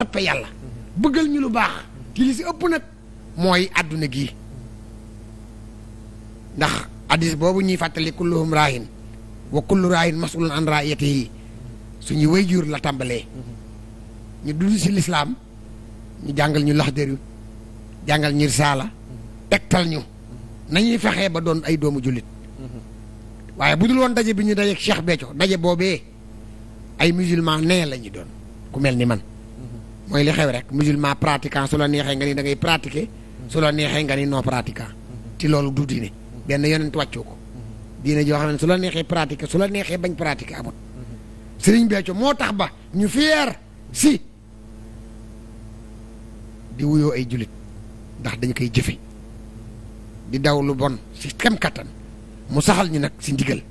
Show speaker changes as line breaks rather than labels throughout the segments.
toppe yàlla bëggal ñu lu baax li ëpp nag mooy àdduna gi ndax addis boobu ñuy fàttali kulluhum raahin wa kullu raahin masulun an raayatihi suñu way jur la tàmbalee ñu dund si lislaam ñu jàngal ñu laxdër yu jàngal ñu risaala tegtal ñu nañuy fexee ba doon ay doomu jullit waaye bu dul woon daje bi ñu dajeeg Cheikh Béthio daje boobee ay musulman nee la doon ku mel man mooy li xew rek musulman pratiquant su la neexee nga ni dangay ngay pratiquer su la neexee nga ni non pratiquant ci loolu du diine benn yonent wàccoo ko diine joo xam ne la neexee pratiquer su la neexee bañ pratiquer amut Sëriñ Béthio moo tax ba ñu fier si di wuyoo ay jullit ndax dañ koy jëfe di daw lu bon si kem kattan mu saxal ñu nag si ndigal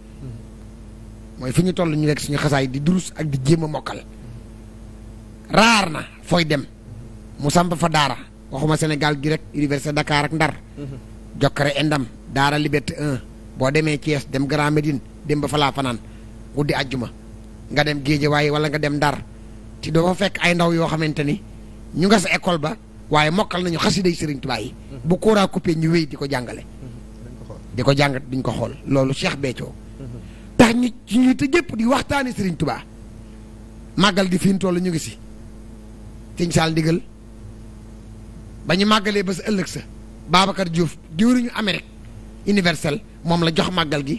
mooy fu ñu toll ñu rek suñu xasaay di durus ak di jéem mokkal raar na fooy dem mu samp fa daara waxuma Sénégal gi rek université Dakar ak Ndar mhm. jokkare endam daara Liberté 1 boo demee Thiès dem Grand Médine dem ba fa laa di guddi àjjuma nga dem Géejawaay wala nga dem Ndar te doo fa fekk ay ndaw yoo xamante ni ñu nga sa école ba waaye mokkal nañu xasiday Serigne tubaa yi mhm. bu kooraa coupé ñu wéy di ko jàngale mhm. di ko jàngat duñ ko xool loolu Cheikh Béthio tax ñu ñu te jëpp di waxtaani Serigne Touba màggal di fiin toll ñu ngi si sëñ Saal ndigal ba ñu màggalee ba sa ëllëg sa Babacar Diouf diwriñu Amérique universel moom la jox màggal gi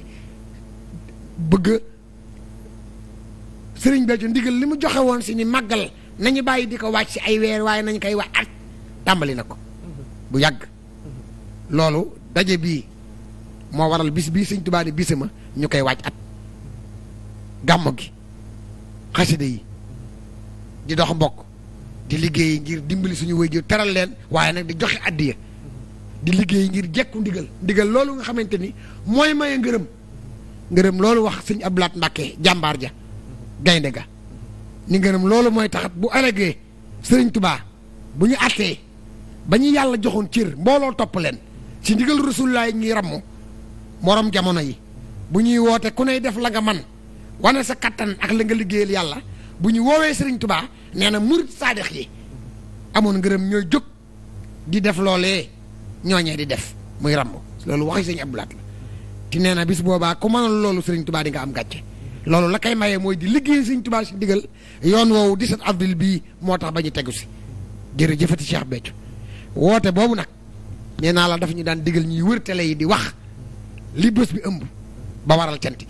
bëgg sëriñ Béthio ndigal li mu joxe woon si ni màggal nañu bàyyi di ko wàcc si ay weer waaye nañu koy wax ak tàmbali na ko bu yàgg loolu daje bii moo waral bis bi sëñ Tuubaa ni bisama ñu koy wàcc at gàmmo gi xasida yi di dox mbokk di liggéey ngir dimbali suñu waajur teral leen waaye nag di joxe addiya di liggéey ngir jekku ndigal ndigal loolu nga xamante ni mooy maye ngërëm ngërëm loolu wax sëñ Abdoulaat Mbàkke jàmbaar ja gaynde ga ni ngërëm loolu mooy taxat bu ëllëgee sëriñ tubaa bu ñu àttee ba ñu yàlla joxoon cër mbooloo topp leen ci ndigal rasulullah yi ñuy ramm morom jamono yi bu ñuy woote ku ney def la nga man wane sa kattan ak la nga liggéeyal yàlla bu ñu woowee sëriñ tubaa nee na murit saadix yi amoon ngërëm ñooy jóg di def loolee ñooñee di def muy ramb loolu waxi sëñ Abdulaat la te nee na bis boobaa ku mënoon loolu sëriñ Tubaa di nga am gàcce loolu la koy maye mooy di liggéey sëriñ Tubaa si digal yoon woowu di 17 avril bii moo tax ba ñu tegu si jërëjëfati Cheikh Béthio woote boobu nag nee naa la dafa ñu daan digal ñuy wër télé yi di wax li bés bi ëmb ba waral cant gi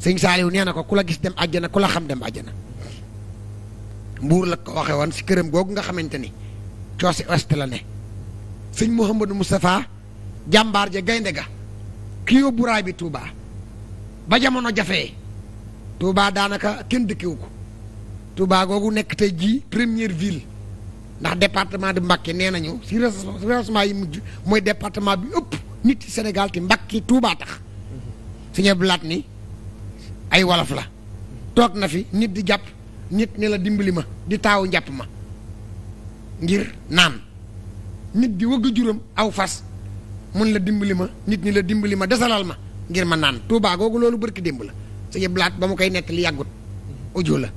sëñ Saaliw nee na ko ku la gis dem àjjana ku la xam dem àjjana mbuur la ko waxee woon si këram googu nga xamante ni coosi ouest la ne sëñ Mouhamadou Moustapha jàmbaar ja gaynde ga ki yóbbu raay bi Touba ba jamono jafee Touba daanaka kenn dëkkewu ko Touba googu nekk te jii première ville ndax departement de Mbacké nee nañu si recensement yi mujj mooy département bi ëpp nit ci Sénégal te mbakki Touba tax mhm. sëñ Abdou Lahat ni ay wolof la toog na fi nit di jàpp nit ni la dimbali ma di taawu njàpp ma ngir naan nit di wëgg juram aw fas mun la dimbali ma nit ñi la dimbali ma desalal ma ngir ma naan Touba googu loolu barki démb la sëñ blaat ba mu koy nettali yàggut audio la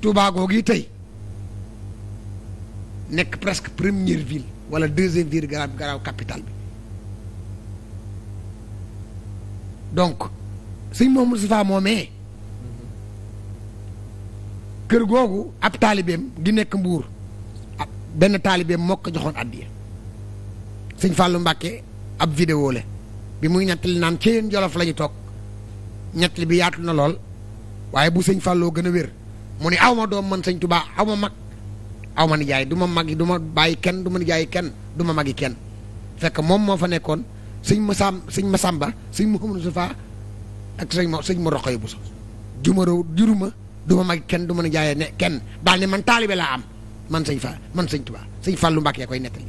Touba googu yi tey nekk presque première ville wala deuxième ville garab garaaw capital bi donc sëñ Mouhamadou Moustapha moomee kër googu ab taalibeem gi nekk mbuur benn taalibeem moo ko joxoon addiya sëñ fàllu Mbacke ab vidéo la bi muy ñettali naan ci yéen jolof la ñu toog ñettali bi yaatu na lool waaye bu sëñ Fallou gën a wér mu ne aw ma doom mën sëñ Touba aw ma mag aw ma nijaay du ma mag yi du ma bàyyi kenn du ma nijaay kenn du ma magi kenn fekk moom moo fa nekkoon sëñ Masam sëñ Masamba sëñ Mouhamadou Safa ak sëñ ma sëñ ma Roqaye Bousso juma juruma. du ma mag kenn du mën a jaayee ne kenn daal ne man taalibe laa am man sëñ fa man sëñ Tuubaa sëñ Fàllu Mbàkke koy nettali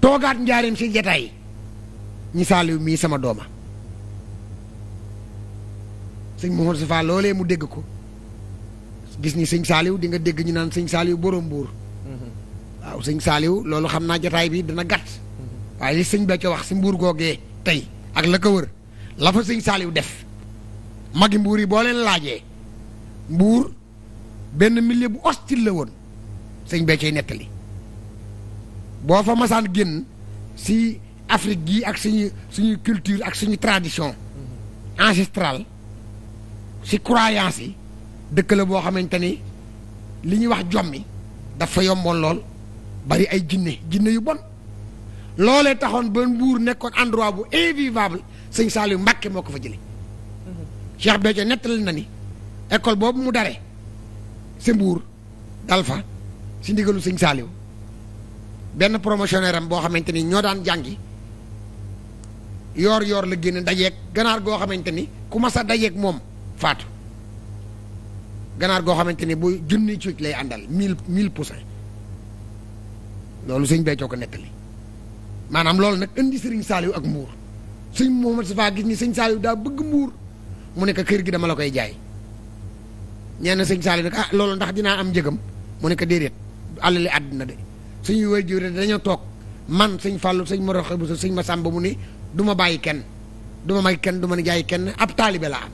toogaat njaareem si jataay ñi saaliw mii sama dooma sëñ Mouhamadou Safa loolee mu dégg ko gis ni sëñ saaliw dinga dégg ñu naan sëñ saaliw borom buur
mm-hmm.
waaw sëñ saaliw loolu xam naa jataay bi dana gàtt mm-hmm. waaye li sëñ Béthio wax si mbuur googee tey ak la ko wër la fa sëñ saaliw def magi mbuur yi boo leen laajee mbuur benn milieu bu hostile la woon sëñ bee cay nettali boo fa masaan génn si Afrique gi ak suñu suñu culture ak suñu tradition ancestrale si croyance yi dëkk la boo xamante ni li ñuy wax jommi dafa yomboon lool bari ay jinne jinne yu bon loolee taxoon ba mbuur nekkoon endroit bu invivable sëñ yu Mbacke moo ko fa jële mhm. Cheikh Béthio nettali na ni école boobu mu dare sa mbuur dal fa si ndigalu sëñ Saaliw benn promotionnaire am boo xamante ni ñoo daan jàngi yoor yoor la génn dajeeg ganaar goo xamante ni ku mas a dajeeg moom faatu ganaar goo xamante ni bu junni cuuj lay àndal mill mille pour cent loolu sëñ Béthio ko nettali maanaam loolu nag indi sëriñ Saaliw ak mbuur sëñ Mouhamad Safa gis ni sëñ Saaliw daa bëgg mbuur mu nekk kër gi dama la koy jaay ñee na sëñ Saliou nag ah loolu ndax dinaa am njëgam mu ne ko déedéet alali àddina de suñuy way jure dañoo toog man sëñ Fallou sëñ Moroxe bu sëñ Massamba mu ni du ma bàyyi kenn du ma may kenn du ma jaay kenn ab taalibe laa am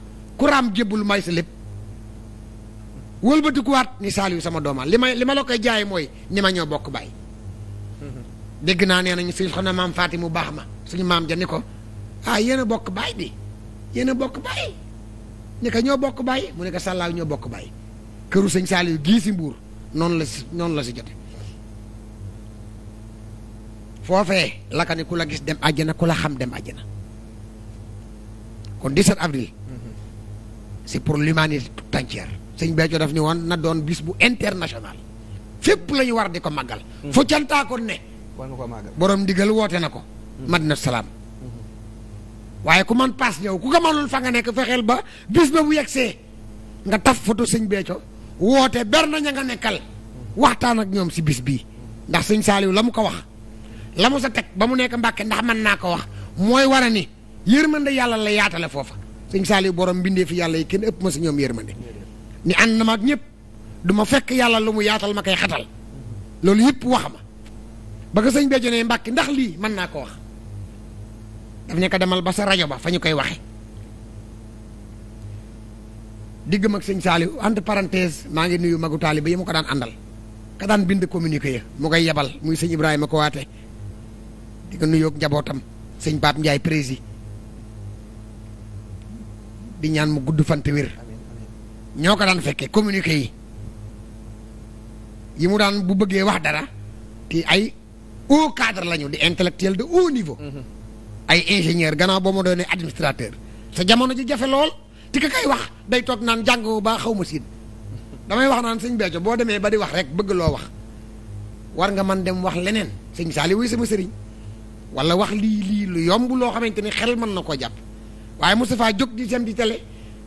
ku jébbul may sa lépp wëlbatikuwaat ni Saliou sama doomaa li may li ma la koy jaay mooy ni ma ñoo bokk bàyyi dégg naa nee nañu suñu xam ne maam Faati mu baax ma suñu maam ja ni ko ah yéen bokk bàyyi di yéen a bokk ñu ko ñoo bokk bàyyi mu ne ko sàllaaw ñoo bokk bàyyi këru sëñ Saaliw gii si mbuur noonu la si noonu la si jote foofee laka ku la gis dem àjjana ku la xam dem àjjana kon 17 avril c'est pour l'humanité tout entière sëñ Béthio daf ni woon na doon bis bu international fépp lañu ñu war di ko màggal mm. fu cantaakoon ne borom ndigal woote na ko mm. madina salaam waaye ku man paas ñëw ku ko mënul fa nga nekk fexeel ba bis ba bu yegsee nga taf photo sëñ Béthio woote ber na ña nga nekkal waxtaan ak ñoom si bis bii ndax sëñ Saaliw la mu ko wax la mu sa teg ba mu nekk Mbàkke ndax man naa ko wax mooy war a ni yërmande yàlla la yaatale foofa sëñ Saaliw borom bindee fi yàlla yi kenn ëpp ma si ñoom yërmande ni ànd na ma ak ñëpp du fekk yàlla lu mu yaatal ma koy xatal loolu yëpp wax ma ba ko sëñ Béthio ne Mbàkke ndax mën naa ko wax daf ne ko demal ba sa rajo ba fa ñu koy waxe diggam ak sëñ Saaliw entre parenthèse maa ngi nuyu magu taalibe yi mu ko daan àndal ka daan bind communiqué ya mu koy yebal muy sëñ Ibrahima ko waate di ko nuyoog njabootam sëñ Paap Njaay prési di ñaan mu gudd fant ñoo ko daan fekkee communiqué yi yi mu daan bu bëggee wax dara te ay haut cadre lañu di intellectuel de haut niveau mm-hmm. ay ingénieur gannaaw boo ma doonee administrateur sa jamono ji jafe lool ti ka kay wax day toog naan jàng bu baax xaw ma siin damay wax naan sëñ Béthio boo demee ba di wax rek bëgg loo wax war nga man dem wax leneen sëñ Saali wuy sama sëriñ wala wax lii lii lu yomb loo xamante ne xel mën na koo jàpp waaye Moustapha jóg di dem di télé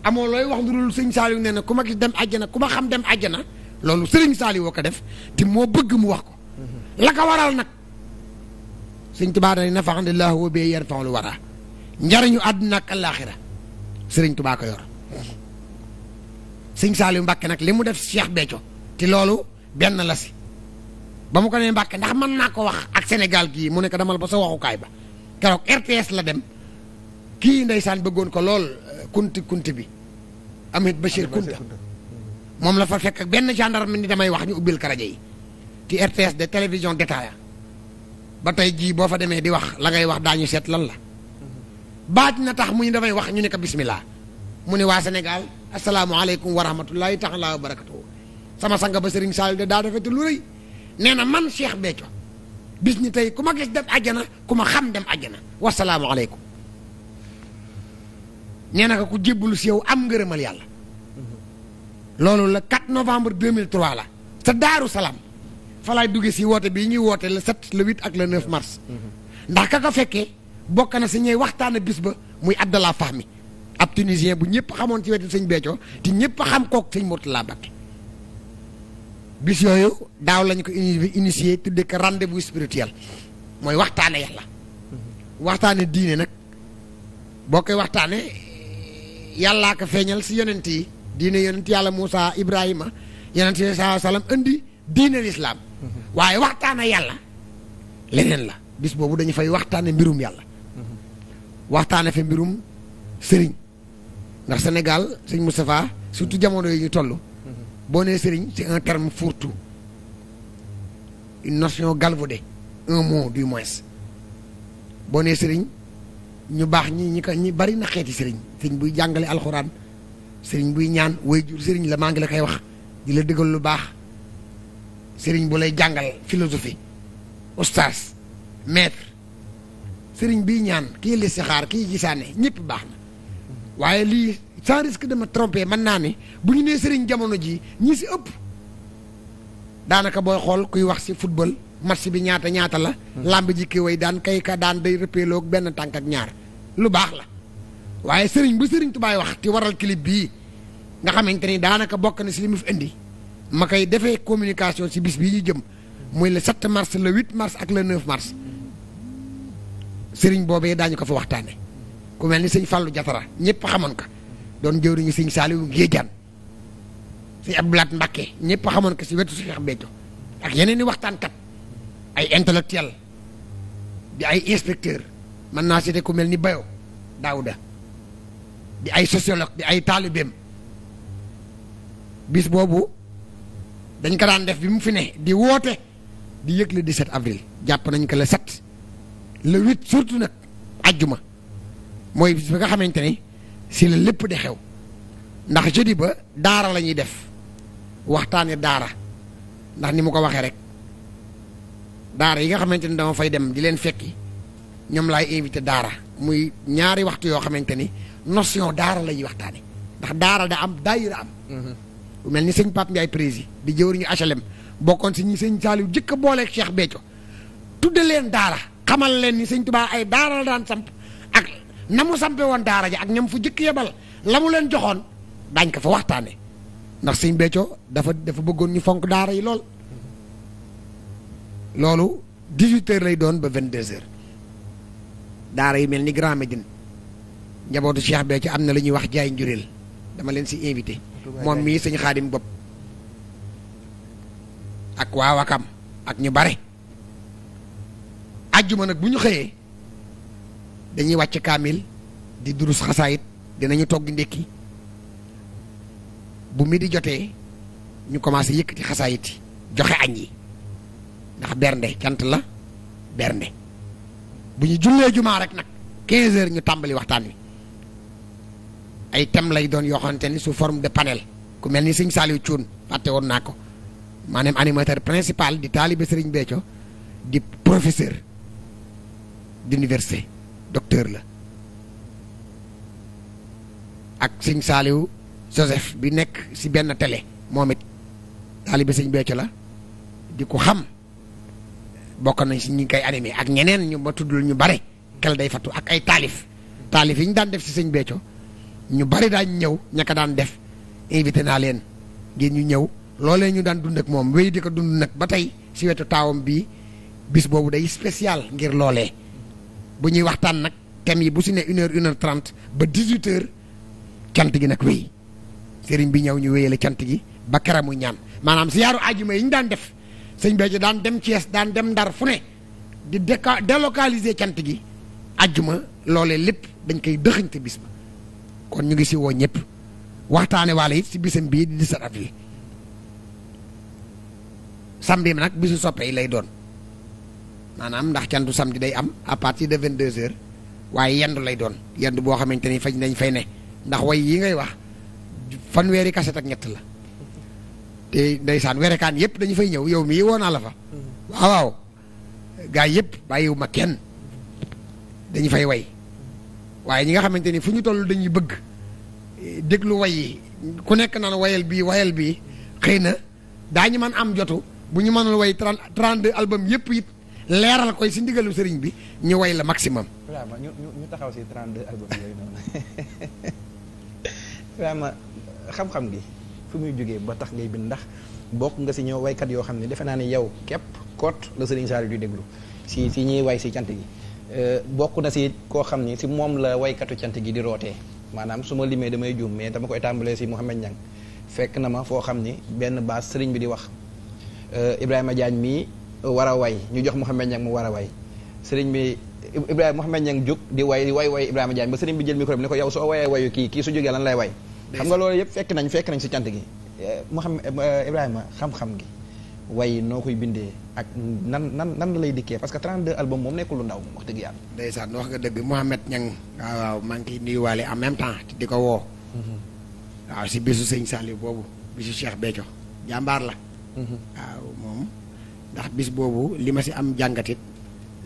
amoo looy wax lu dul sëñ Saali nee na ku ma gis dem àjjana ku ma xam dem àjjana loolu sëriñ Saali woo ko def te moo bëgg mu wax ko
mhm.
la sëñ tubaa na nafaxandillahu wa bee yen fam lu war a njariñu àdduna ak àllaaxira sëriñ tubaa ko yor sëñ Saaliw Mbàkke nag li mu def Cheikh Béthio te loolu benn la si ba mu ko nee Mbàkke ndax mën naa ko wax ak senegal gii mu nekk ko demal ba sa waxukaay ba keroog RTS la dem kii ndeysaan bëggoon ko lool kunti kunti bi ba Bachir Kunta moom la fa fekk ak benn gendarme ni damay wax ñu ubbil ko rajo yi ci RTS de télévision d'État ba tey jii boo fa demee di wax la ngay wax daañu seet lan la baat na tax mu ñu damay wax ñu ne ko bismillah mu ne waa Sénégal asalaamualeykum wa rahmatullahi taala wa barakatuhu sama sanga ba Serigne Sall de daa defati lu rëy nee na man Cheikh Béthio bis tey ku ma gis dem àjjana ku ma xam dem àjjana wasalaamualeykum nee na ko ku jébbalu si yow am ngërëmal yàlla loolu la 4 novembre 2003 la sa daaru salaam falaay laay duggee si woote bii ñuy woote le set le 8 ak le 9 mars. ndax ka ko fekkee bokk na si ñooy waxtaane bis ba muy Abdallah Fahmi ab tunisien bu ñëpp xamoon ci wetu sëñ Béthio te ñëpp xam kook sëñ Mourtala Mbacké bis yooyu daaw lañ ko initié tuddee ko rendez-vous spirituel mooy waxtaane yàlla waxtaane diine nag boo koy waxtaane yàllaa ko feeñal si yonent yi diine yonent yàlla Moussa Ibrahima yonent yi salaam indi diine lislaam waaye waxtaana yàlla leneen la bis boobu dañu fay waxtaane mbirum yàlla waxtaane fa mbirum sëriñ ndax Sénégal sëñ Moustapha surtout jamono yi ñu toll boo nee sëriñ c'est un terme fourre-tout une notion galvaudée un mot du moins boo nee sëriñ ñu baax ñi ñi ko ñi bari na xeeti sëriñ sëriñ buy jàngale alxuraan sëriñ buy ñaan way jur sëriñ la maa ngi la koy wax di la dëggal lu baax sëriñ bu lay jàngal philosophie oustaz maître sëriñ bii ñaan kii listixaar kii gisaane ñëpp baax na waaye lii sans risque de me tromper mën naa ni bu ñu nee sëriñ jamono ji ñi si ëpp daanaka booy xool kuy wax si football match bi ñaata ñaata la làmb ji way daan kay ka daan day rëppeeloo benn tànk ak ñaar lu baax la waaye sëriñ bu sëriñ tubaay wax ti waral clip bii nga xamante ni daanaka bokk na si li mu fi indi ma koy defee communication ci bis bi ñu jëm muy le 7 mars le huit mars ak le 9 mars sëriñ boobee daañu ko fa waxtaane ku mel ni sëñ Fallou Jatara ñëpp xamoon ka doon jëwriñu sëñ Saliou Ngéejaan sëñ Abdoulaat Mbacké ñëpp xamoon ko si wetu Cheikh Béthio ak yeneen i waxtaankat ay intellectuel di ay inspecteur mën naa cité ku mel ni Bayo Daouda di ay sociologue di ay taalibeem bis boobu dañ ko daan def bi mu fi ne di woote di yëg le 17 avril jàpp nañ ko le 7 le 8 surtout nag ajjuma mooy bis bi nga xamante ni si la lépp di xew ndax jeudi ba daara la ñuy def waxtaane daara ndax ni mu ko waxee rek daara yi nga xamante ni dama fay dem di leen fekki ñoom laay invité daara muy ñaari waxtu yoo xamante ni notion daara la ñuy waxtaane ndax daara da am da am mm-hmm. mel ni sëñ Pape Ndiaye prési di jëwriñu HLM bokkoon si ñi sëñ Saliou jëkk a booleeg Cheikh Béthio tudde leen daara xamal leen ni sëñ Tuubaa ay daara la daan samp ak na mu sampee woon daara ja ak ñam fu jëkk yebal la mu leen joxoon daañ ko fa waxtaane ndax sëñ Béthio dafa dafa bëggoon ñu fonk daara yi lool loolu 18 lay doon ba 22 heures daara yi mel ni Grand Médine njabootu Cheikh Béthio am na lu ñuy wax jaay njureel dama leen si invité moom mii sëñ xaadim bopp ak waa Wakam ak ñu bare ajjuma nag bu ñu xëyee dañuy wàcc kaamil di durus xasaayit dinañu togg ndékki bu mi di jotee ñu commencé yëkkati xasaayit yi joxe añ yi ndax bernde cant la bernde bu ñu jullee jumaa rek nag 15 heures ñu tàmbali waxtaan wi ay thèmes lay doon yoo xamante ni sous form de panel ku mel ni sëñ Saliou Thioune fàtte woon naa ko maanaam animateur principal di taalibe Serigne Béthio di professeur d'université docteur la ak sëñ Saliou Joseph bi nekk ci benn télé moom it taalibe Serigne Béthio la di ko xam bokk nañ ci ñi koy animé ak ñeneen ñu ma tuddul ñu bare kel day fattu ak ay taalif taalif yi ñu daan def si Serigne Béthio ñu bari daañ ñëw ña daan def invité naa leen ngeen ñu ñëw loolee ñu daan dund ak moom wéy di ko dund nag ba tey si wetu taawam bi bis boobu day spécial ngir loolee bu ñuy waxtaan nag thème yi bu si ne une heure une heure ba dix-huit cant gi nag wéy sëriñ bi ñëw ñu wéyale cant gi ba karamu ñaan maanaam si siyaaru ajuma yi ñu daan def sëñ Béthio daan dem Thiès daan dem Ndar fu ne di déca délocaliser cant gi ajuma loolee lépp dañ koy dëxëñte bis ba kon ñu ngi si woo ñëpp waxtaane waale it si bisam bii di dix-sept avril samedi nag bisu soppe lay doon maanaam ndax cantu sambi day am à partir de vingt deux heures waaye yendu lay doon yendu boo xamante ni fa nañ fay ne ndax way yi ngay wax fanweeri kaset ak ñett la te ndeysaan werekaan yëpp dañu fay ñëw yow mii woo naa la fa mm-hmm. waaw gaa yëpp bàyyiwu ma kenn dañu fay way waaye ñi nga xamante ni fu ñu toll dañuy bëgg eh, déglu way yi ku nekk naan wayal bii wayal bi xëy na daañu mën am jotu bu ñu mënul way trente-deux album yëpp it leeral koy si ndigalu sëriñ bi ñu way la maximum.
vraiment ñu taxaw si trente-deux album xam-xam gi fu muy jógee ba tax ngay bind ndax bokk nga si ñoo waykat yoo xam ne defe naa ni yow képp koot la sëriñ Saliou di déglu si si ñuy way si cant gi. Euh, bokk na si koo xam ni si moom la waykatu cant gi di rootee maanaam su ma limee damay juum mais dama koy tàmbalee si Mouhamed Niang fekk na ma foo xam ni benn baas sëriñ bi di wax euh, Ibrahima Diagne mii war a way ñu jox Mouhamed Niang mu war a way sëriñ bi Ibrahima Mouhamed Niang jóg di way di way way Ibrahima Diagne ba sëriñ bi jël micro bi ne ko yow soo wayee wayu kii kii su jógee lan lay way xam nga loolu yëpp fekk nañ fekk nañ si cant gi euh, Mouhamed Ibrahima xam-xam gi way noo koy bindee ak nan nan nan la lay dikkee parce que 32 album moom nekkul lu ndaw wax
dëgg yàlla. ndeysaan wax nga dëgg Mouhamed Niang. waaw waaw maa nuyuwaale en même temps di ko woo. Mm-hmm. waaw si bisu sëñ Saliou boobu bisu Cheikh Béthio jàmbaar la. Mm-hmm. waaw moom ndax bis boobu li ma si am jàngatit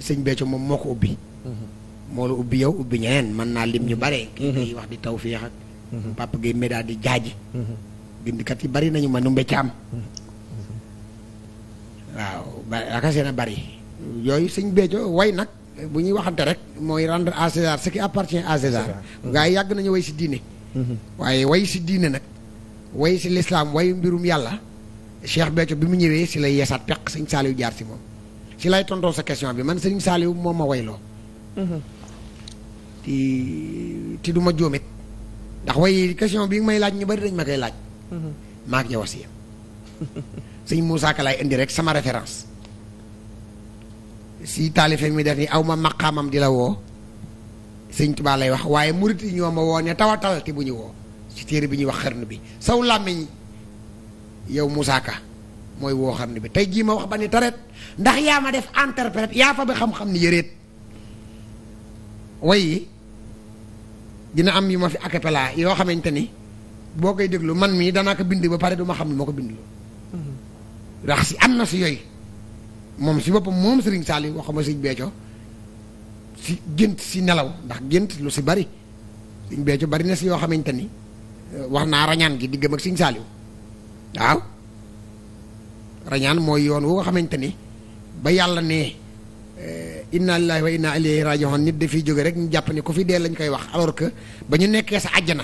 sëñ Béthio moom moo ko ubbi. Mm-hmm. moo la ubbi yow ubbi ñeneen man naa lim ñu bare. kii day wax di taw fiix ak. papa gi médaal di jaaji. bindkat yi bari nañu ma nu mbécc yaakaar seen na bari yooyu sëñ Béthio way nag bu ñuy waxante rek mooy rendre à César ce qui appartient à César gaa yi yàgg nañu way si diine mm-hmm. waaye way si diine nag way si lislaam way mbirum yàlla Cheikh Béthio bi mu ñëwee si lay yeesaat peq sëñ Saliou jaar si moom si lay tontoo sa question bi man sëñ Saliou moom ma wayloo mm-hmm. ti ti du ma jóomit ndax way question bi may laaj ñu bari dañ ma koy laaj mm-hmm. maak yow yem sëñ Moussa indi rek sama référence si taalife mi def ni aw ma maqaamam di la woo sëñ Tuubaa lay wax waaye murit yi ñoo ma woo ne tawatal te bu ñu woo ci téere bi ñuy wax xarnu bi saw làmmiñ yow musaaka mooy woo xarnu bi tey jii ma wax ba ni taret ndax yaa ma def interprète yaa fa ba xam-xam ni yëreet way dina am yu ma fi acapella yoo xamante ni boo koy déglu man mii danaa ko bind ba pare duma xam ne moo ko bind lu
mm-hmm.
ndax si am na si yooyu moom si boppam moom Serigne Saliou waxuma Serigne Béthio si gént si nelaw ndax gént lu si bari Serigne Béthio bari na si yoo xamante ni euh, wax naa rañaan gi diggam ak Serigne Saliou waaw rañaan mooy yoon woo xamante ni ba yàlla ne euh, inna lillahi wa inna ilayhi raji'un nit dafiy jóge rek ñu jàpp ni ku fi dee lañ koy wax alors que ba ñu nekkee sa àjjana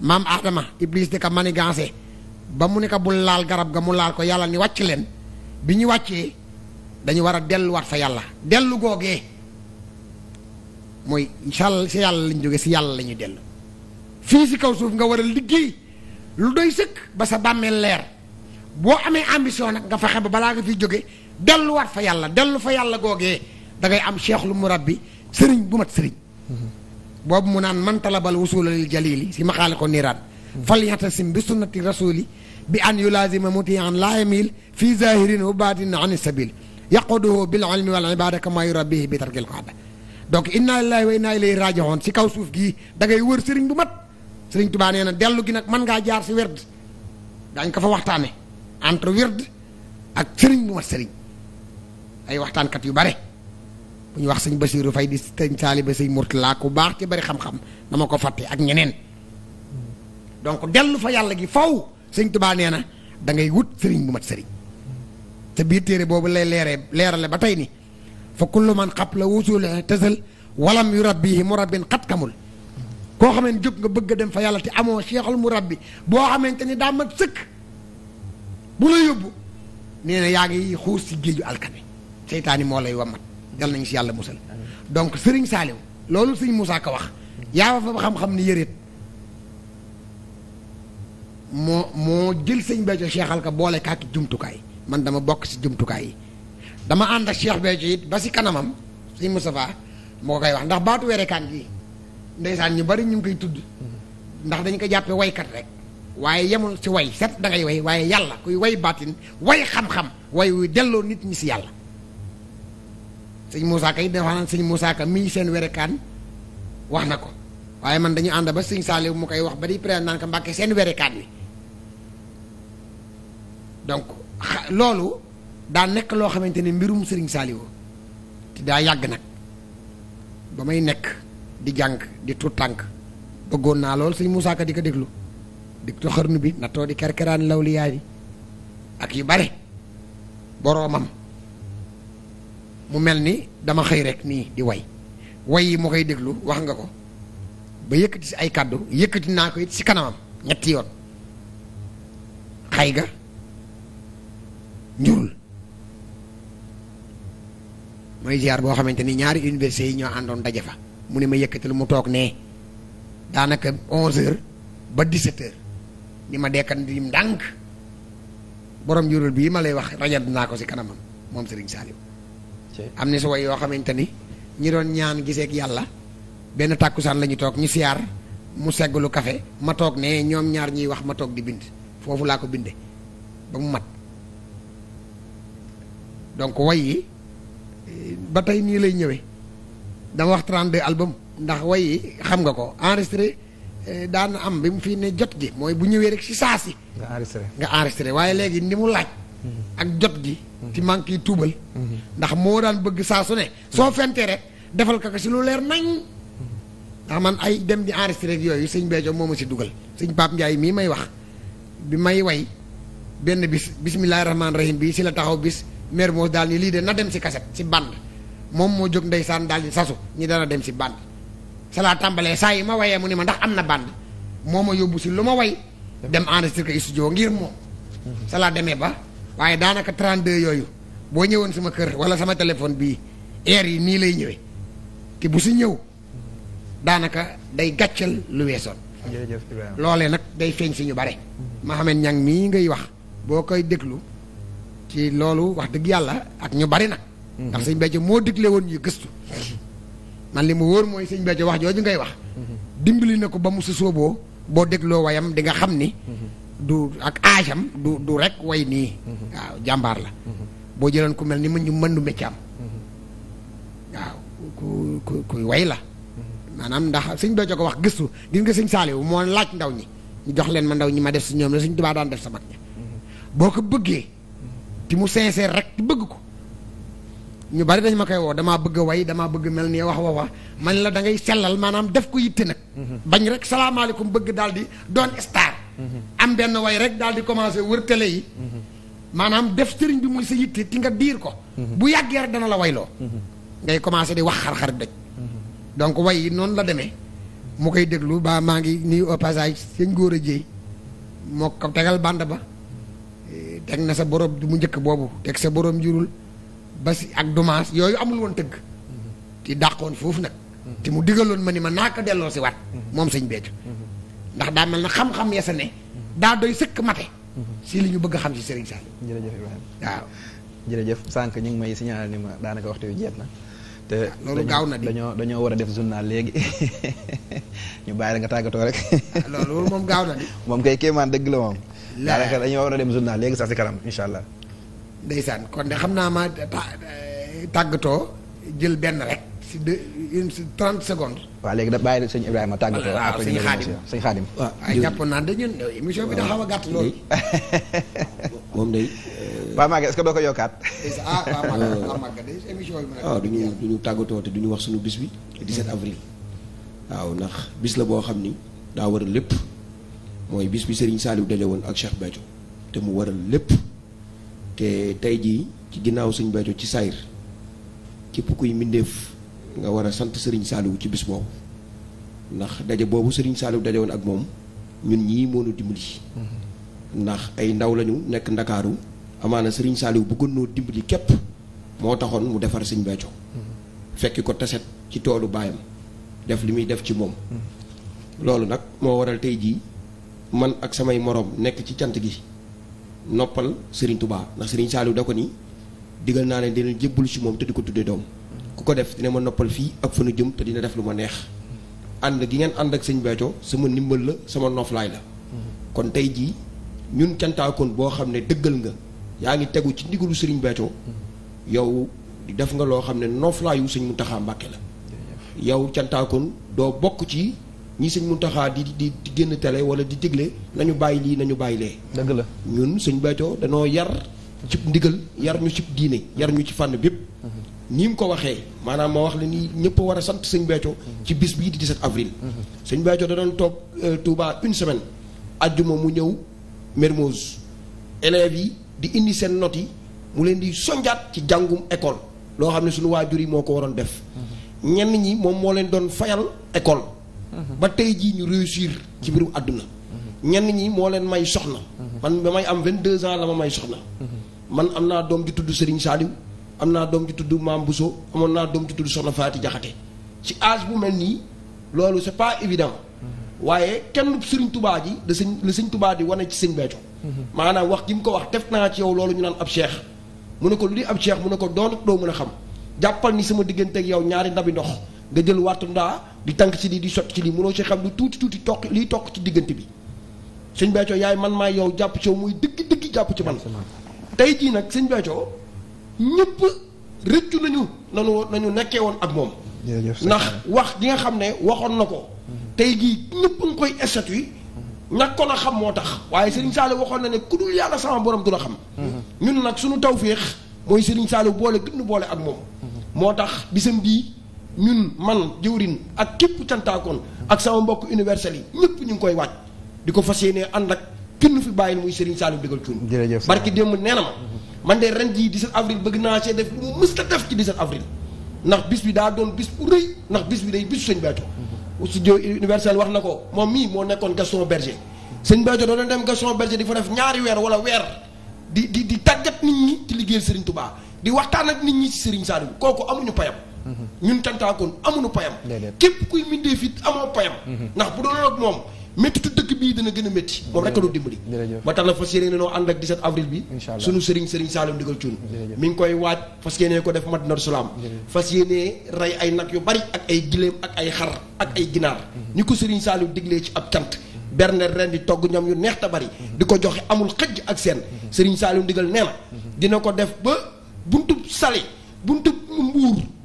maam Adama Iblis di ko manigancé ba mu nekk ko bul laal garab ga mu laal ko yàlla ni wàcc leen bi ñu wàccee dañu war a delluwaat fa yàlla dellu googee mooy incha si yàlla lañ jóge si yàlla la ñuy dellu fii si kaw suuf nga war a liggéey lu doy sëkk ba sa bàmmeel leer boo amee ambition nag nga fexe ba balaa nga fiy jóge delluwaat fa yàlla dellu fa yàlla googee da ngay am cheikhul murabbi sëriñ bu mat sëriñ boobu mu naan man talabal wusulalil jalili si ma maxaali ko niiraan falyatasim bi sunnati rasuli bi an yulazima mutiyan laa yamil fii zahirin wa baatin an sabil yaquduhu bil ilmi wal ibada kama yurabbihi bi tarkil xaada donc inna lillahi wa naa ilayhi raji'un si kaw suuf gii da ngay wër sëriñ bu mat sëriñ tubaa na dellu gi nag man ngaa jaar si werd daañ ko fa waxtaane entre werd ak sëriñ bu mat sëriñ ay waxtaankat yu bare bu ñu wax sëñ Basiiru Fay di sëñ Saali ba sëñ Murtala ku baax ci bari xam-xam dama ko fàtte ak ñeneen donc dellu fa yàlla gi faw sëñ tubaa na da ngay wut sëriñ bu mat sëriñ te biir téere boobu lay leeree leerale ba tey nii fa kullu man xab la wusuule tësal walam yu rabbihi mu rabbin xat kamul koo xamee ne nga bëgg a dem fa yàlla te amoo seexul mu rabbi boo xamante ni daa mat sëkk bu la yóbbu nee yaa ngi xuus si géeju alkami seytaani moo lay wamat yal nañ si yàlla musal donc sëriñ Saaliw loolu sëriñ Moussa ko wax yaa fa xam-xam ni yëreet moo moo jël sëñ Béthio seexal ka boole kaaki jumtukaay man dama bokk ci jumtukaay yi dama ànd ak Cheikh Béthio it ba ci kanamam Sëñ Moustapha moo ko koy wax ndax baatu werekaan gi ndeysaan ñu bari ñu ngi koy tudd ndax dañ ko jàppe waykat rek waaye yemul ci way set da ngay way waaye yàlla kuy woy baatin way xam-xam way wu delloo nit ñi ci yàlla sëñ Moussa yi dafa naan sëñ Moussa Ka mii seen werekaan wax na ko waaye man dañu ànd ba sëñ Saliou mu koy wax ba di pré naan ko Mbàkke seen werekaan wi donc loolu daa nekk loo xamante ni mbirum Serigne Saliou te daa yàgg nag ba may nekk di jàng di tuut tànk bëggoon naa lool Serigne Moussa di ko déglu di ko xarnu bi nattoo di kerkeraan lawliyaa bi ak yu bare boroomam mu mel ni dama xëy rek nii di way way yi ma koy déglu wax nga ko ba yëkkati si ay kàddu yëkkati naa ko it si kanamam ñetti yoon xay ga njurul mooy ziar boo xamante ni ñaari université yi ñoo àndoon daje fa mu ne ma yëkkatil mu toog nee daanaka onze heures ba dix-sept ma dekkan di ndànk borom njurul bii ma lay wax rajant naa ko si kanamam moom Serigne Saliou am na si way yoo xamante ni ñi doon ñaan giseek yàlla benn tàkkusaan la ñu toog ñu siyaar mu seggalu kafe ma toog ne ñoom ñaar ñuy wax ma toog di bind foofu laa ko binde ba mu mat donc way yi ba tey nii lay ñëwee dama wax 32 album ndax way yi xam nga ko enregistré eh, daan na am bi mu fii ne jot gi mooy bu ñëwee rek si saa si. nga enregistré nga enregistré waaye léegi ni mu laaj. Mhm. ak jot gi. Mhm. ci manque yi tuubal. Mhm. ndax moo daan bëgg saa su ne. soo fentee rek defal ko ko si lu leer nañ. ndax man ay dem di enregistré ak yooyu sëñ Béthio moom ma si dugal suñ Pape Ndiaye mii may wax bi may way benn bis bisimilah rahmaani rahim bii si la taxaw bis. maire moo daal ni lii de na dem si kaset si band moom moo jóg ndeysaan daal di sasu ñi dana dem si band salaa tàmbalee saa yi ma wayee mu ni ma ndax am na band moo ma yóbbu si lu ma woy dem enregistré studio ngir moom salaa mhm. demee ba waaye daanaka de yooyu boo ñëwoon sama kër wala sama téléphone bii air yi nii lay ñëwee te bu si ñëw daanaka day gàccal lu weesoon loolee nag day feeñ si ñu bare mhm. Mouhamed Niang mii ngay wax boo koy déglu ci loolu wax dëgg yàlla ak ñu bari nag mhm. ndax sëñ Béthio moo digle woon ñu gëstu man li mu wóor mooy sëñ Béthio wax jooju ngay wax mhm. dimbali na ko ba mu si sooboo boo dégloo wayam di nga xam ni mhm. du ak âge du du rek way nii waaw jàmbaar la boo jëloon ku mel ni mën ñu mëndu méccaam waaw ku kuy way la maanaam ndax sëñ Béthio ko wax gëstu gis nga sëñ Saliou moo laaj ndaw ñi ñu jox leen ma ndaw ñi ma def si ñoom la sëñ Tuubaa daan def sa mag ña boo ko bëggee te mu sincère rek te bëgg ko ñu bari dañ ma koy woo damaa bëgg a way damaa bëgg mel ni wax wa wax man la da ngay sellal maanaam def ko yitte nag. Mhm. bañ rek salaamaaleykum bëgg daal di doon star. Mhm. am benn way rek daal di commencé wër télé yi. Mhm. maanaam def sëriñ bi muy sa yitte ti nga diir ko. bu yàggee rek dana la wayloo. ngay commencé di wax xar-xar daj. donc way yi noonu la demee. mu koy déglu baa maa ngi nuyu au passage sëñ góor a jéy moo ko tegal bande ba. teg na sa borom mu njëkk boobu teg sa borom njurul basi ak dumaas yooyu amul woon tëgg ti dàqoon foofu nag te mu digaloon ma ni ma naa ko delloo si waat moom sëñ Béthio ndax daa mel na xam-xam ya sa ne daa doy sëkk mate si li ñu bëgg a xam si Serigne Sall jërëjëf Ibrahima waaw
jërëjëf sànq ñu ngi may signalé ni ma daanaka waxtu yu jeet na te ah, loolu gaaw na di dañoo dañoo war a def journal léegi ñu bàyyi la nga tàggatoo rek ah,
loolu moom gaaw na di
moom kay kéemaan dëgg la moom daanaka dañoo war a dem journal léegi sax si kanam incha allah.
ndeysaan kon de xam naa ma eh, eh, tàggatoo jël benn rek si deux une si trente léegi da bàyyi sëñ Ibrahima tàggatoo. waaw sëñ Xaadim sëñ Xaadim. waaw ay naa ne ñun eh, émission bi da xaw a gàtt loolu.
moom day. Pape Maguette est doo ko
yokkaat. ah Pape Maguette ñu du tàggatoo te du ñu wax suñu bis bi. 17 hmm. avril. waaw ndax bis la boo xam ni daa war a lépp. mooy bis bi sëriñ Saliou daje woon ak Cheikh Béthio te mu waral lépp te tey jii ci ginnaaw Serigne Béthio ci sayr képp kuy mbindeef nga war a sant sëriñ Saliou ci bis boobu ndax daje boobu sëriñ Saliou daje woon ak moom ñun ñii moonu dimbali. ndax ay ndaw lañu nekk ndakaaru amaana Serigne Saliou bëggoon noo dimbali képp moo taxoon mu defar Serigne Béthio fekki ko taset ci toolu baayam def li muy def ci moom mm-hmm. loolu nag moo waral tey jii man ak samay moroom nekk ci cant gi noppal Serigne Touba ndax Serigne Saliou da ko ni digal naa leen dina jébbul si moom te di ko tuddee doom ku ko def dina ma noppal fii ak fa nu jëm te dina def lu ma neex ànd gi ngeen ànd ak sëñ Béthio sama ndimbal la sama nooflaay la kon tey jii ñun cantaakoon boo xam ne dëggal nga yaa ngi tegu ci ndigalu sëriñ Béthio yow def nga loo xam ne nooflaayu sëñ taxa Mbacké la yow cantaakoon doo bokk ci ñii sëñ Muntaxa di di di génn tele wala di digle nañu bàyyi lii nañu bàyyi lee. dëgg la ñun sëñ Béthio danoo yar cib ndigal yar ñu cib diine yar ñu ci fànn bépp. Mm-hmm. ni mu ko waxee maanaam moo wax la ni ñëpp war a sant sëñ Béthio ci bis bii di di 17 avril. Mm-hmm. sëñ Béthio da doon toog euh, Touba une semaine. ajjuma mu ñëw Mermoz élèves yi di indi seen not yi mu leen di sonjaat ci jàngum école loo xam ne suñu waajur yi moo ko waroon def. Mm-hmm. ñenn ñi moom moo leen doon fayal école. ba tey jii ñu réussir ci mbirum àdduna ñenn ñi moo leen may soxna man ba may am vingt deux ans la ma may soxna man am naa doom ju tudd Serigne Saliou am naa doom ju tudd Maam Bousso amoon naa doom ju tudd Soxna Faati Jaxate ci âge bu mel nii loolu c'est pas évident waaye kenn Serigne Touba ji da sëñ la sëñ Touba di wane ci sëñ Béthio maanaam wax gi mu ko wax def naa ci yow loolu ñu naan ab cheikh mu ne ko lu di ab cheikh mu ne ko doon doo mën a xam jàppal ni sama diggante ak yow ñaari ndabi ndox di tànk ci lii di sotti ci lii mënoo ci xam lu tuuti tuuti toq liy toq ci diggante bi suñ Béthio yaay man maa yow jàpp ci yow muy dëgg jàpp ci man tey jii nag sëñ Béthio ñëpp rëccu nañu nanu nañu nekkee woon ak moom ndax wax gi nga xam ne waxoon na ko mhm. tey jii ñëpp nga koy échec mhm. yi ñàkkoon a xam moo tax waaye Serigne Saliou waxoon na ne ku dul yàlla sama borom du la xam mhm. ñun nag suñu tawféex mooy Serigne Saliou boole gën boole ak moom moo tax bisam bii ñun man jëwrin ak képp cantaakoon ak sama mbokk universel yi ñëpp ñu ngi koy waaj di ko fas yéene ànd ak kenn fi bàyyi muy Serigne Saliou Digal Thioune. jërëjëf barki démb nee na ma. man de ren jii 17 avril bëgg naa see def lu mu mës a def ci 17 avril ndax bis bi daa doon bis bu rëy ndax bis bi day bisu sëñ Béthio. studio universel wax na ko moom mii moo nekkoon Gaston Berger. sëñ Béthio doo doon dem Gaston Berger di fa def ñaari weer wala weer di di di tàggat nit ñi ci liggéeyal Serigne Touba di waxtaan ak nit ñi ci Serigne Saliou kooku amuñu payam. ñun cantaakoon amuñu payam. képp kuy mindee fit amoo payam. Mhm. ndax bu doon ak moom méttitu dëkk bii dina gën a métti. moom rek a du dimbali. ba tax na fas yéene noo ànd ak 17 avril bi. sunu sëriñ sëriñ Saalum digal cuun mi ngi koy waaj fas yéene ko def Madinatu Salaam. fas yéene rey ay nag yu bari ak ay gileem ak ay xar ak ay ginaar. ñi mhm. ko sëriñ Saalum diglee ci ab cant. berne ren di togg ñoom yu neex ta bari. Mhm. di ko joxe amul xëj ak seen. sëriñ Saalum digal nee na. dina ko def ba buntu sali buntu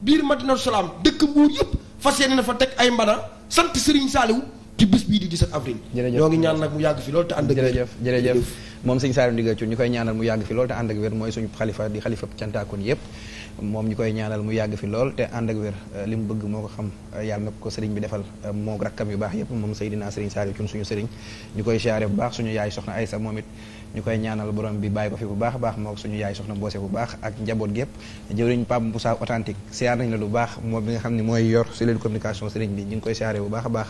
biir Madinatu Salaam dëkk Mbuur yëpp fas yéene na fa teg ay mbana sant Serigne Saliou ci
bis bii di 17 avril. jërëjëf ñoo ngi ñaan nag mu yàgg fi loolu te ànd ak wér. jërëjëf jërëjëf moom Serigne Saliou Ndigal Thioune ñu koy ñaanal mu yàgg fi loolu te ànd ak wér mooy suñu xalifa di xalifa cantaakon yëpp. moom ñu koy ñaanal mu yàgg fi lool te ànd ak wér euh, li mu bëgg moo ko xam euh, yàlla na ko sëriñ bi defal euh, moo rakkam yu baax yëpp moom Seydina sëriñ Saliou Thioune suñu sëriñ ñu koy bu baax suñu yaay soxna Aysa moom ñu koy ñaanal borom bi bàyyi ko fi bu baax baax moo suñu yaay soxna Mboose bu baax ak njaboot gépp jëwriñ Pape Moussa authentique siyaar nañ la lu baax moom bi nga xam ne mooy yor ci leen communication sëriñ bi ñu ngi koy siyaare bu baax a baax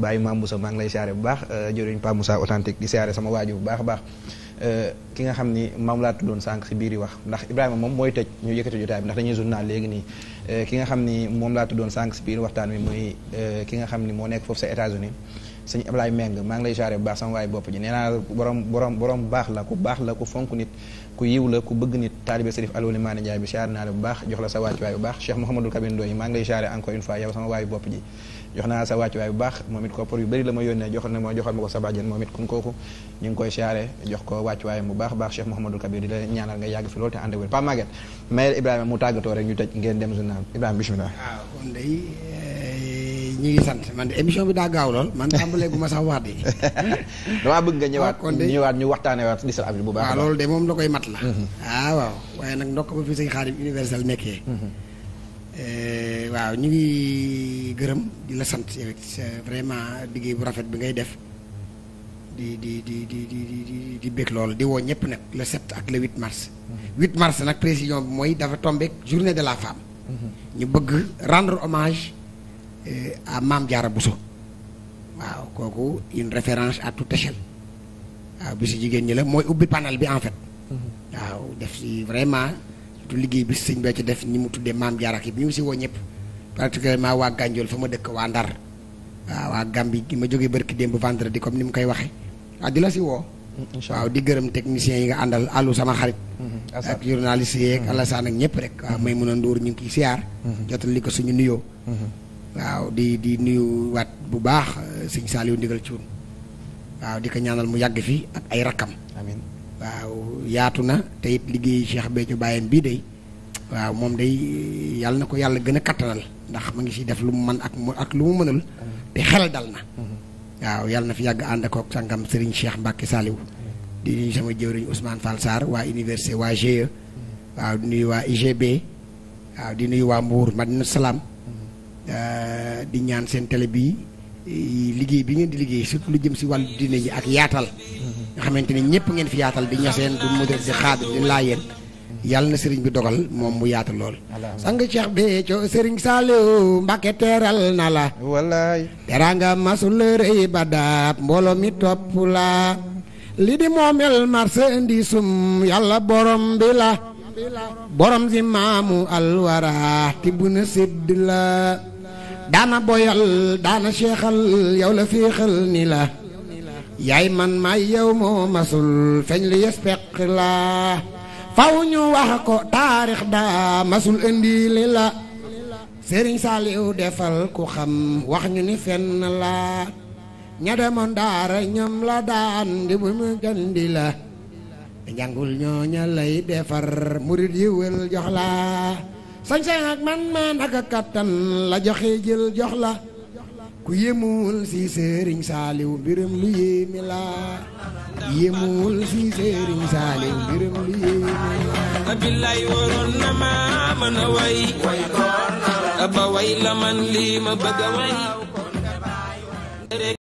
bàyyi Mame Moussa maa ngi lay siyaare bu baax jëwriñ Pape Moussa authentique di siyaare sama waaju bu baax baax Euh, ki nga xam ni maam laa tuddoon sànq si biir yi wax ndax Ibrahima moom mooy tëj ñu yëkkati jotaay bi ndax dañuy naa léegi nii euh, ki nga xam ni moom laa tuddoon sànq si biir waxtaan wi muy euh, ki nga xam ni moo nekk foofu sa États-Unis sëñ Ablaye Meng maa ngi lay jaare bu baax sama waay bopp ji nee naa borom borom borom baax la ku baax la ku fonk nit ku yiw la ku bëgg nit taalibe Serif Alioune Maane Ndiaye bi jaare naa la bu baax jox la sa wàcc waay bu baax Cheikh Mouhamadul Kabine Ndoye maa ngi lay jaare bopp ji jox naa sa wàccuwaay bu baax moom it koppar yu bëri la ma yónnee joxoon na moo joxoon ma ko sa bàjjen moom it kon kooku ñu ngi koy siyaare jox ko wàccuwaayam bu baax baax Cheikh Mouhamadou Kabir di la ñaanal nga yàgg fi loolu te ànd wér Pa Maguette Mayel mu tàggatoo rek ñu tëj ngeen dem journal Ibrahima bismillah waaw
kon eh, bi daa gaaw lool man tàmbalee gu ma sax wax de damaa bëgg nga ñëwaat ñëwaat ñu waxtaanee waat l'islam bu baax waaw loolu de moom la koy mat la waa mm-hmm. ah, waaw waaye nag ndokk ba fi sëñ Xaadim universel nekkee mm-hmm. Eh, waaw ñu ngi gërëm di la sant yow vraiment liggéey bu rafet bi ngay def di di di di di di bëgg loolu di woo ñëpp nag le 7 ak le 8 mars. 8 mhm. mars nag précision bi mooy dafa tombé journée de la femme. Mhm. ñu bëgg rendre hommage eh, à Mame Diarra Bousso. waaw kooku une référence à toute échelle waaw bisu jigéen ñi la mooy ubbi panel bi en fait. Mhm. waaw def si vraiment. surtout liggéey bi sëñ bi ci def ñi mu tuddee maam Jaara ak yi bi ñu si woo ñëpp particulièrement waa Gànjool fa ma dëkk waa Ndar waaw waa Gàmbi gi ma jógee barki démb vendredi comme ni mu koy waxee waaw di la si woo waaw di gërëm techniciens yi nga àndal àllu sama xarit mm-hmm. ak journaliste yeeg mm-hmm. Alassane ak ñëpp rek waaw may mën a ndóor ñu ngi koy siyaar mm-hmm. jotal li ko suñu nuyoo waaw di di nuyu waat bu baax euh, sëñ Saliou ndigal Thioune waaw di ko ñaanal mu yàgg fii ak ay waaw yaatu na te it liggéey Cheikh Béthio Bayène bii day waaw moom day yàlla na ko yàlla gën a kattanal ndax ma ngi siy def lu mu mën ak mu ak lu mu mënul te xel dal na waaw yàlla na fi yàgg ànd ak sangam Serigne Cheikh Mbacke Saliou di nuyu sama jëwriñ Ousmane Fall waa université waa GIE waaw di nuyu waa UGB waaw di nuyu waa Mbour Madina Salaam mm-hmm. euh, di ñaan seen télé bii Eh, liggéey bi ngeen di liggéey surtout lu jëm si wàllu diine ji ak yaatal nga xamante ne ñëpp ngeen fi yaatal di ñaseen du mudir di xaadir di laayeen yàlla na sëriñ bi dogal moom mu yaatal lool sang Cheikh Béthio sëriñ Saliou Mbàkke teeral na la wallaay teraanga masul rëy ba daab mbooloo mi topp la li di moomel marchandise sum yàlla borom bi la borom si maamu alwara ti na sédd la daana boyal daana seexal yow la féexal ni la yaay man maay yow moo masul feeñ li yes peq la faw ñu wax ko taarix daa masul indi li la sëriñ Saaliw defal ku xam wax ñu ni fenn la ña demoon daara ñoom la daan di bu mu gandi la njàngul ñooña lay defar murit yiwel jox la sañse ak man-man ak a la joxe jël jox la ku yemul si sëriñ saaliw mbiram lu yéemi la yemul si saaliw mbiram lu yéemi la
waroon na ma way ba way la man lii ma bëgg way